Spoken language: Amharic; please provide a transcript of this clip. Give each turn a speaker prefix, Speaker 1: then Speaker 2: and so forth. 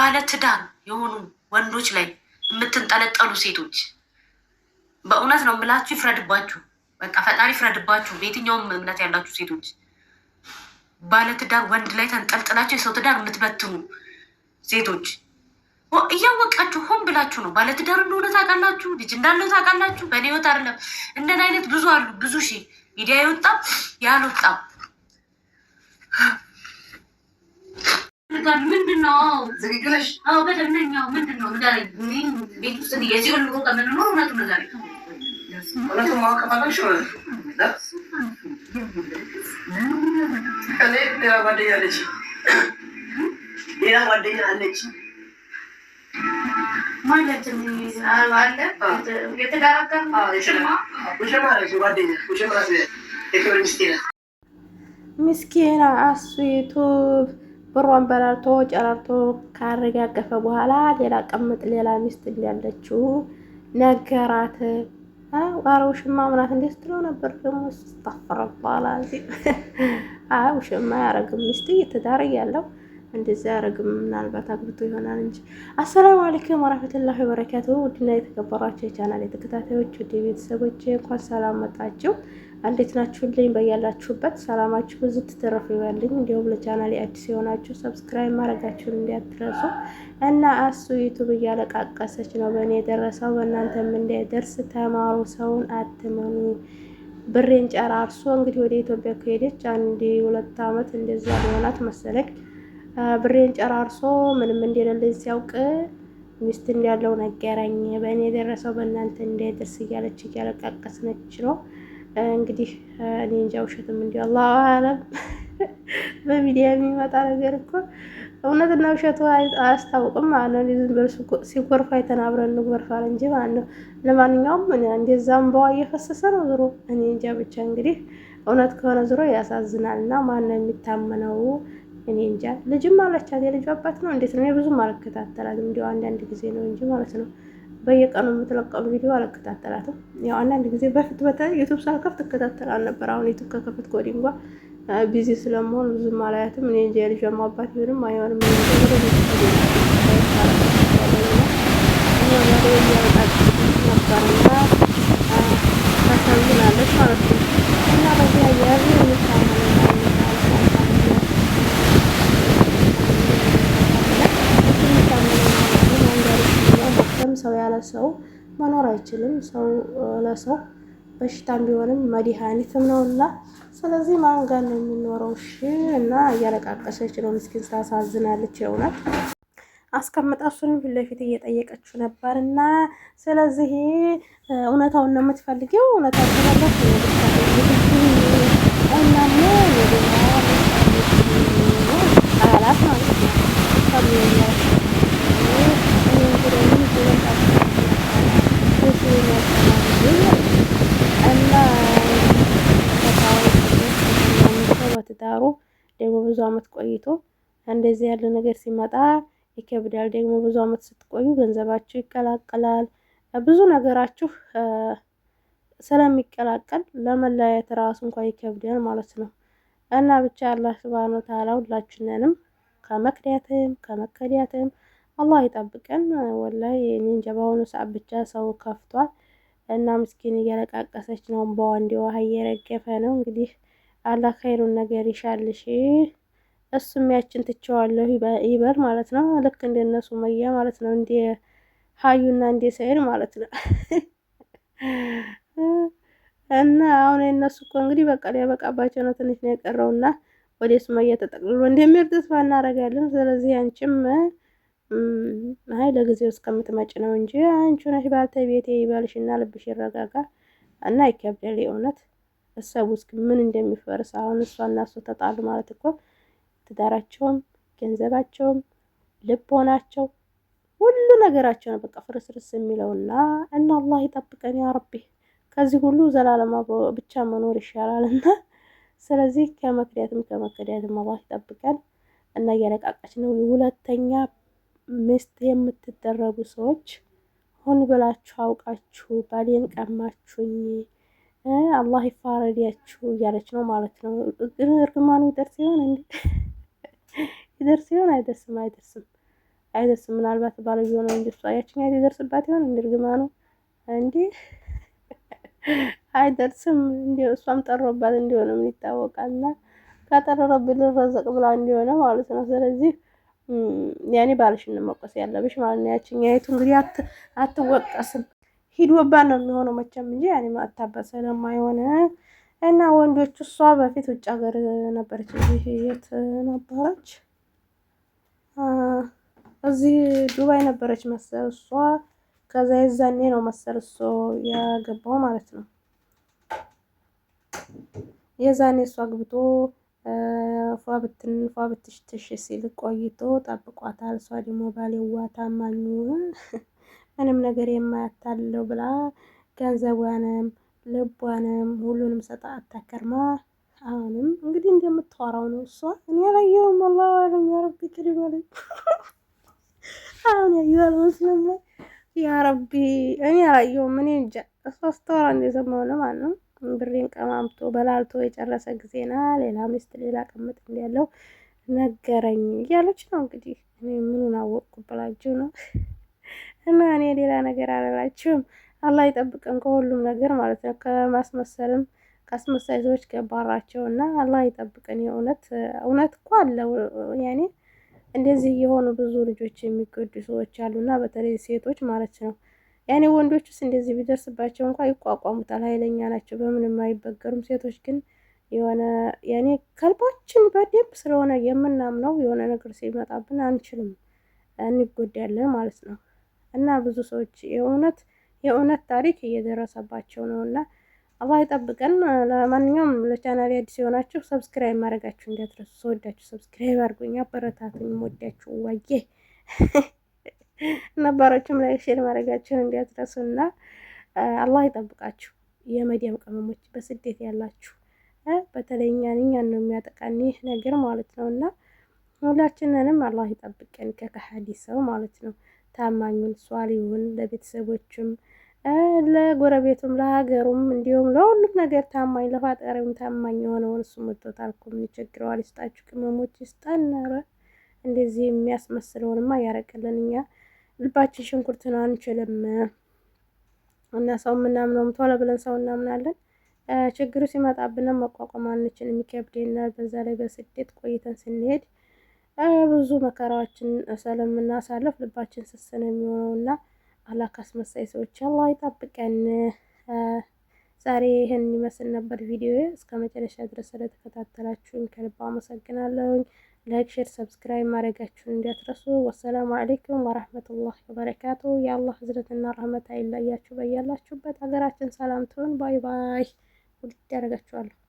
Speaker 1: ባለትዳር የሆኑ ወንዶች ላይ የምትንጠለጠሉ ሴቶች በእውነት ነው የምላችሁ፣ ይፍረድባችሁ። በቃ ፈጣሪ ይፍረድባችሁ። በየትኛውም እምነት ያላችሁ ሴቶች ባለትዳር ወንድ ላይ ተንጠልጥላችሁ የሰው ትዳር የምትበትኑ ሴቶች እያወቃችሁ ሆን ብላችሁ ነው። ባለትዳር እንደሆነ ታውቃላችሁ፣ ልጅ እንዳለው ታውቃላችሁ። በእኔ ህይወት አይደለም እንደን አይነት ብዙ አሉ፣ ብዙ ሺህ ሚዲያ የወጣ ያልወጣም አስፈልጋል። ምንድን ነው ዝግግለሽ? አዎ በደንብ ምንድን ነው ንገረኝ። ቤት ውስጥ የዚህ ሁሉ ቀን እውነቱ ነገር
Speaker 2: እውነቱ ማወቅ ፈለግሽ? እኔ ሌላ ጓደኛ አለች፣ ሌላ ጓደኛ አለች
Speaker 1: ማለት አለ የተጋራጋ ጓደኛ
Speaker 2: ውሽማ ኢኮኖሚስት
Speaker 1: ምስኪና አሱ ዩቱብ ብሯን በላልቶ ጨራርቶ ካረጋገፈ በኋላ ሌላ ቀምጥ ሌላ ሚስት እንዳለችው ነገራት። ኧረ ውሽማ ምናት እንዴት ስትለው ነበር ደግሞ ስታፈረ በኋላ ውሽማ ያረግም ሚስት እየተዳረ ያለው እንደዚ ያረግም ምናልባት አግብቶ ይሆናል እንጂ። አሰላሙ አለይኩም ወራህመቱላሂ ወበረካቱ። ውድና የተከበራችሁ የቻናል የተከታታዮች ውድ ቤተሰቦች እንኳን ሰላም መጣችሁ። እንዴት ናችሁልኝ? በያላችሁበት ሰላማችሁ ብዙ ትትረፍ ይበልኝ። እንዲሁም ለቻናል አዲስ የሆናችሁ ሰብስክራይብ ማድረጋችሁን እንዲያትረሱ እና አሱ ዩቱብ እያለቃቀሰች ነው። በእኔ የደረሰው በእናንተም እንዳይደርስ ተማሩ፣ ሰውን አትመኑ። ብሬን ጨራርሶ እንግዲህ ወደ ኢትዮጵያ ከሄደች አንድ ሁለት አመት እንደዚያ ሊሆናት መሰለኝ። ብሬን ጨራርሶ ምንም እንደሌለኝ ሲያውቅ ሚስት እንዳለው ነገረኝ። በእኔ የደረሰው በእናንተ እንዳይደርስ እያለች እያለቃቀስ ነች ነው እንግዲህ እኔ እንጃ ውሸትም እንዲሁ አላሁ አለም በሚዲያ የሚመጣ ነገር እኮ እውነትና ውሸቱ አያስታውቅም ማለት ነው። ዝም ብሎ ሲጎርፍ አይተን አብረን እንጎርፋል እንጂ ማለት ነው። ለማንኛውም እንደዛም በዋ እየፈሰሰ ነው ዝሮ እኔ እንጃ ብቻ እንግዲህ እውነት ከሆነ ዝሮ ያሳዝናል። እና ማነው የሚታመነው? እኔ እንጃ። ልጅም አለቻት የልጁ አባት ነው እንዴት ነው? ብዙም አልከታተላትም እንዲሁ አንዳንድ ጊዜ ነው እንጂ ማለት ነው። በየቀኑ የምትለቀው ቪዲዮ አልከታተላትም። ያው አንዳንድ ጊዜ በፊት በተለይ ዩቱብ ሳልከፍት እከታተል አልነበር። አሁን ዩቱብ ከከፍት ጎዲ እንኳ ቢዚ ስለመሆን ብዙም አላያትም። እኔ እንጂ የልጅ አባት ይሆንም አይሆንም ነገር ሰው ያለ ሰው መኖር አይችልም። ሰው ለሰው በሽታም ቢሆንም መድኃኒትም ነውና፣ ስለዚህ ማን ጋር ነው የሚኖረው? እሺ። እና እያለቃቀሰች ነው ምስኪን፣ ስታሳዝናለች የእውነት አስቀምጣ እሱን ፊት ለፊት እየጠየቀችው ነበር እና ስለዚህ እውነታውን ነው የምትፈልጊው፣ እውነታው ተበለት እናሞ ቃላት ማለት ነው በትዳሩ ደግሞ ብዙ አመት ቆይቶ እንደዚህ ያለ ነገር ሲመጣ ይከብዳል። ደግሞ ብዙ አመት ስትቆዩ ገንዘባችሁ ይቀላቀላል። ብዙ ነገራችሁ ስለሚቀላቀል ለመለያየት ራሱ እንኳን ይከብዳል ማለት ነው። እና ብቻ አላህ ሱብሃነሁ ወተዓላ ሁላችንንም ከመክዳትም ከመከዳትም አላህ ይጠብቀን። ወላሂ እኔ እንጃ በአሁኑ ሰዓት ብቻ ሰው ከፍቷል እና ምስኪን እያለቃቀሰች ነው። በወንድ ውሃ እየረገፈ ነው። እንግዲህ አላህ ኸይሩን ነገር ይሻልሽ። እሱም ያችን ትቸዋለሁ ይበል ማለት ነው። ልክ እንደነሱ መያ ማለት ነው። እንደ ሀዩና እንደ ሰይድ ማለት ነው። እና አሁን የነሱ እኮ እንግዲህ በቃ ሊያበቃባቸው ነው። ትንሽ ነው የቀረውና ወደ ሱመያ ተጠቅልሎ እንደሚሄድ ተስፋ እናደርጋለን። ስለዚህ አንቺም አይ ለጊዜው እስከምትመጭ ነው እንጂ አንቺ ነሽ ባልተቤቴ ይበልሽና ልብሽ ይረጋጋ እና ይከብዳል። የእውነት እሰቡ እስኪ ምን እንደሚፈርስ አሁን እሷ እና እሱ ተጣሉ ማለት እኮ ትዳራቸውም፣ ገንዘባቸውም፣ ልቦናቸው ሁሉ ነገራቸው ነው በቃ ፍርስርስ የሚለውና እና አላህ ይጠብቀን ያ ረቢ ከዚህ ሁሉ ዘላለማ ብቻ መኖር ይሻላል እና ስለዚህ ከመክዳትም ከመክዳትም አላህ ይጠብቀን እና እያለቃቃች ነው ሁለተኛ ሚስት የምትደረጉ ሰዎች ሆን ብላችሁ አውቃችሁ ባሌን ቀማችሁኝ፣ አላህ ይፋረዳችሁ እያለች ነው ማለት ነው። ግን እርግማኑ ይደርስ ይሆን እንዴ? ይደርስ ይሆን? አይደርስም፣ አይደርስም፣ አይደርስም። ምናልባት ባልየው ነው እንጂ እሷ ያችኛት ይደርስባት ይሆን እንዴ? እርግማኑ እንዴ? አይደርስም። እንዲ እሷም ጠሮባት እንዲሆነ ምን ይታወቃልና፣ ከጠረረብን ልረዘቅ ብላ እንዲሆነ ማለት ነው። ስለዚህ ያኔ ባልሽን መውቀስ ያለብሽ ማለት ነው። ያችን የቱ እንግዲህ አትወቀስም ሂዶባት ነው የሚሆነው መቼም እንጂ ያኔ ማታበት ስለማይሆን እና ወንዶች እሷ በፊት ውጭ ሀገር ነበረች። እዚህ የት ነበረች? እዚህ ዱባይ ነበረች መሰል እሷ። ከዛ የዛኔ ነው መሰል እሱ ያገባው ማለት ነው። የዛኔ እሷ አግብቶ ፏ ብትን ትሽ ሲል ቆይቶ ጠብቋታል። እሷ ደግሞ ባሌዋ ታማኙ ምንም ነገር የማያታለው ብላ ገንዘቧንም ልቧንም ሁሉንም ሰጣ አታከርማ። አሁንም እንግዲህ እንደምታወራው ነው እሷ። እኔ አላየሁም። አላ አለም ያረቢ ክሪበል አሁን ያየዋል መስለኛል። ያረቢ እኔ አላየሁም። እኔ እንጃ እሷ ስታወራ እንደሰማው ነው ማለት ነው። ብሬን ቀማምቶ በላልቶ የጨረሰ ጊዜና ሌላ ሚስት ሌላ ቅምጥ እንዲያለው ነገረኝ እያለች ነው እንግዲህ። እኔ ምኑን አወቅኩ ብላችሁ ነው። እና እኔ ሌላ ነገር አላላችሁም። አላህ ይጠብቀን ከሁሉም ነገር ማለት ነው። ከማስመሰልም ከአስመሳይ ሰዎች ገባራቸው እና አላህ ይጠብቀን። የእውነት እውነት እኮ አለው ያኔ እንደዚህ የሆኑ ብዙ ልጆች የሚጎዱ ሰዎች እና በተለይ ሴቶች ማለት ነው። ያኔ ወንዶችስ እንደዚህ ቢደርስባቸው እንኳ ይቋቋሙታል፣ ኃይለኛ ናቸው፣ በምንም አይበገሩም። ሴቶች ግን የሆነ ያኔ ከልባችን በደንብ ስለሆነ የምናምነው የሆነ ነገር ሲመጣብን አንችልም፣ እንጎዳለን ማለት ነው። እና ብዙ ሰዎች የእውነት የእውነት ታሪክ እየደረሰባቸው ነው። እና አላህ ይጠብቀን። ለማንኛውም ለቻናል አዲስ የሆናችሁ ሰብስክራይብ ማድረጋችሁ እንዳትረሱ። ሰወዳችሁ ሰብስክራይብ አድርጎኛ አበረታቱኝ። ወዳችሁ ዋዬ ነባሮችም ላይክ፣ ሼር ማድረጋችሁን እንዲያትረሱ እና አላህ ይጠብቃችሁ። የመዲያም ቅመሞች በስደት ያላችሁ በተለይ እኛን እኛን ነው የሚያጠቃን ይህ ነገር ማለት ነው እና ሁላችንንም አላህ ይጠብቀን ከከሃዲ ሰው ማለት ነው። ታማኙን ሷሊውን፣ ለቤተሰቦችም፣ ለጎረቤቱም፣ ለሀገሩም እንዲሁም ለሁሉም ነገር ታማኝ ለፋጠሪውም ታማኝ የሆነውን እሱ መጥቶታል እኮ ምን ይስጣችሁ ቅመሞች ይስጠን። ኧረ እንደዚህ የሚያስመስለውንማ ያረቅልን እኛ ልባችን ሽንኩርትን አንችልም እና ሰው የምናምነውም ቶሎ ብለን ሰው እናምናለን። ችግሩ ሲመጣብንም መቋቋም አንችልም፣ ይከብደናል። በዛ ላይ በስደት ቆይተን ስንሄድ ብዙ መከራዎችን ስለምናሳልፍ ልባችን ስስ ነው የሚሆነው እና አላህ ካስመሳይ ሰዎች አላህ ይጠብቀን። ዛሬ ይህን ይመስል ነበር ቪዲዮ። እስከ መጨረሻ ድረስ ስለተከታተላችሁኝ ከልብ አመሰግናለሁኝ። ላይክ፣ ሼር፣ ሰብስክራይብ ማድረጋችሁን እንዳትረሱ። ወሰላሙ አሌይኩም ወራህመቱላሂ ወበረካቱ። የአላህ ህዝረትና ረህመት አይለያችሁ። በያላችሁበት ሀገራችን ሰላም ትሆን ባይ ባይ። ውድ ያደረጋችኋለሁ